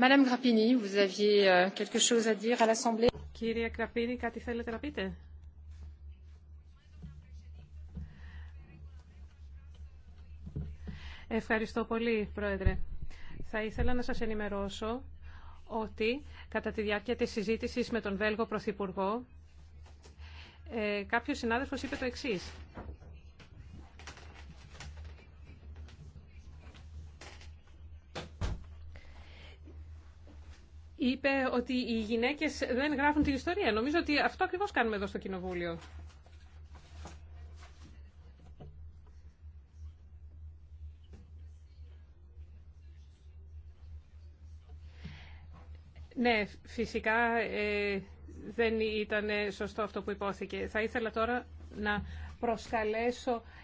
Madame Κύριε Κραπίνη, κάτι θέλετε να πείτε. Ευχαριστώ πολύ, Πρόεδρε. Θα ήθελα να σας ενημερώσω ότι κατά τη διάρκεια της συζήτησης με τον Βέλγο Πρωθυπουργό, ε, κάποιος συνάδελφος είπε το εξής. είπε ότι οι γυναίκες δεν γράφουν την ιστορία. Νομίζω ότι αυτό ακριβώς κάνουμε εδώ στο Κοινοβούλιο. Ναι, φυσικά ε, δεν ήταν σωστό αυτό που υπόθηκε. Θα ήθελα τώρα να προσκαλέσω